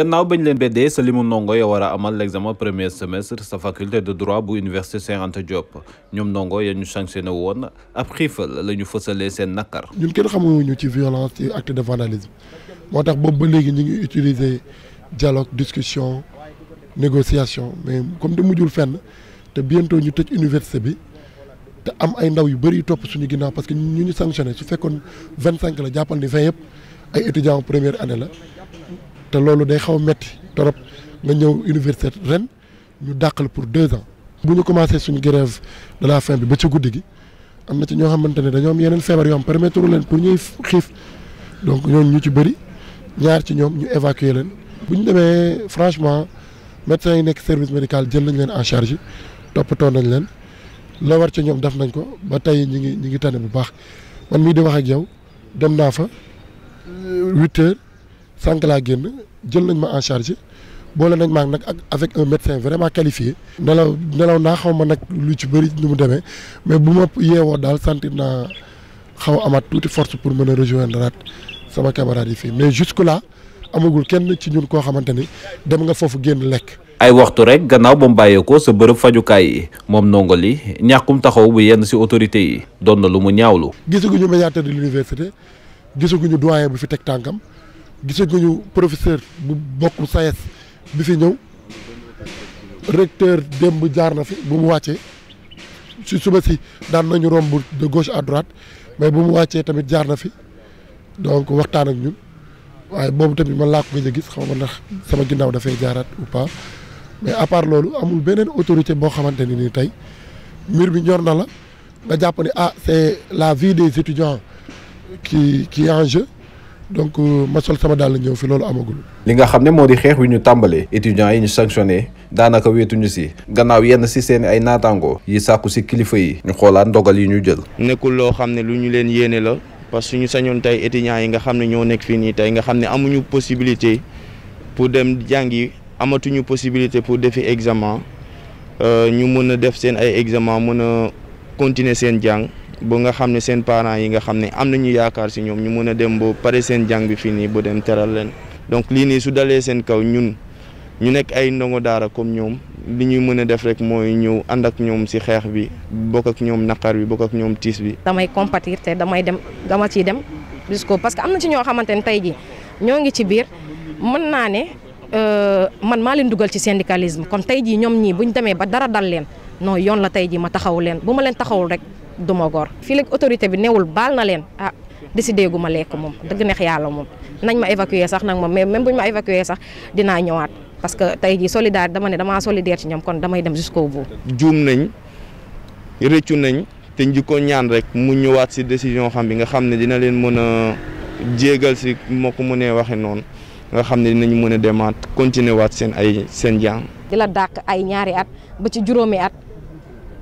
gannaaw bañ leen beddee sa limu ndongo ya war a amal l'examen premier semestre sa faculté de droit bu université Saint Anta Diop ñoom ndongo ya ñu sanctionné woon ab xiifal la ñu fësalee seen nakar ñun kenn xamuñu ci violence ci acte de vandalisme moo tax boobu ba léegi ñu ngi utiliser dialogue discussion négociation mais comme de mujjul fenn te bientôt ñu tëj université bi te am ay ndaw yu bëri topp suñu ginnaaw parce que ñu ñu sanctionné su fekkoon 25 la jàppal ni 20 yëpp ay étudiants première année la te loolu day xaw a métti torop nga ñëw université ren ñu dàq dàqal pour deux ans. bu ñu commencé suñu grève de la bi ba ci guddi gi am na ci ñoo xamante ne dañoo am yeneen feebar yoo xam permettre leen pour ñuy xiif donc ñooñu ñu ci bëri ñaar ci ñoom ñu évacuer leen bu ñu demee franchement médecins yi nekk service médical jël nañ leen en charge toppatoo nañ leen loo war ci ñoom def nañ ko ba tey ñi ngi ñi ngi tane bu baax man mii di wax ak yow dem naa fa huit sànq la génn jël nañ ma en charge boole nañ ma nak avec un médecin vraiment qualifié. nelaw nelaw na xawma ma lu ci bëri numu démé mais buma yéwo dal daal sentir xaw amat touti force pour mën rejoindre rat sama camarade fi mais jusque là amagul kenn ci ñun ko xamanteni dem nga fofu génn lek ay waxtu rek gannaaw ba mu sa bërëb fajukaay yi mom nongoli ñakum taxaw bu yenn si autorité yi don na lu mu ñaawlu. gisaguñu médiateur de l'université gisaguñu doyen bu fi tek tankam gisaguñu professeur bu bokku sayes bi fi ñew recteur demb jaar na fi bu mu wàccee ci suba ci daan nañu romb de gauche à droite mais bu mu wàccee tamit jaar na fi donc waxtaan ak ñun waaye boobu tamit man laa ko gëj a gis xaw ma ndax sama ginnaaw dafay jaaraat ou pas mais à part loolu amul beneen autorité boo xamante ni nii tey mbir bi ñor na la nga jàpp ni ah c'est la vie des étudiants qui qui est en jeu donc euh, ma sol sama daal la ñëw fi loolu amagul. li nga xam ne moo di xeex wi ñu tàmbalee étudiants yi ñu sanctionné daanaka weetuñu si gannaaw yenn si seen ay naataangoo yi sàkku si kilifa yi ñu xoolaat ndogal yi ñu jël. nekkul loo xam ne lu ñu leen yéene la parce que suñu sañoon tey étudiants yi nga xam ne ñoo nekk fii nii tey nga xam ne amuñu possibilité pour dem jàngi amatuñu possibilité pour defi examen euh, ñu mën a def seen ay examen mën a continuer seen jàng. ba nga xam ne seen parents yi nga xam ne am nañu yaakaar si ñoom ñu mën a dem ba pare seen jàng bi fii nii ba dem teral leen donc lii nii su dalee seen kaw ñun ñu nekk ay ndongo daara comme ñoom li ñuy mën a def rek mooy ñëw ànd ak ñoom si xeex bi bokk ak ñoom naqar bi bokk ak ñoom tiis bi. damay compatir te damay dem dama ciy dem jusqu'au parce que am na ci ñoo xamante ne tey jii ñoo ngi ci biir mën naa ne euh, man maa leen dugal ci syndicalisme kon tey jii ñoom ñii bu ñu demee ba dara dal leen noo yoon la tey jii ma taxawu leen bu ma leen taxawul rek. du ma gor fii léegi autorité bi newul baal na leen ah décidé gu ma lekk moom dëgg neex yàlla moom nañ ma évacuer sax nag moom mais même bu ñu ma évacuer sax dinaa ñëwaat parce que tey jii solidari dama ne damaa solidaire ci ñoom kon damay dem jusqu'au bout. juum nañ rëccu nañ te njikko ñaan rek mu ñëwaat si décision xam bi nga xam ne dina leen mën a jéegal si moo ko mënee waxee noonu nga xam ne dinañ mën a demaat continuer waat seen ay seen jàng. di la dàq ay ñaari at ba ci juróomi at.